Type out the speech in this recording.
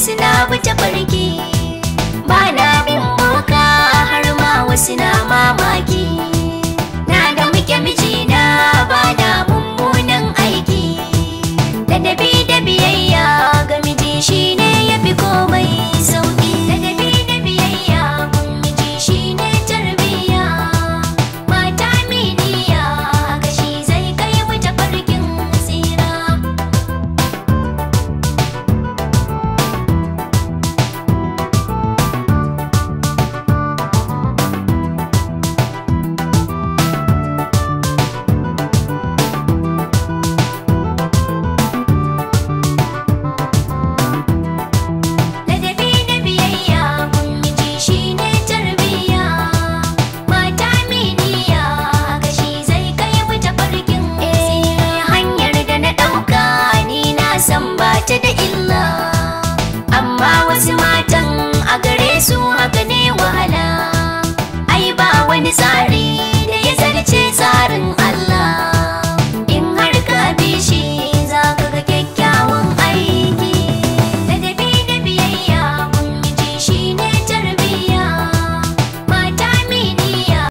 Sina wuce started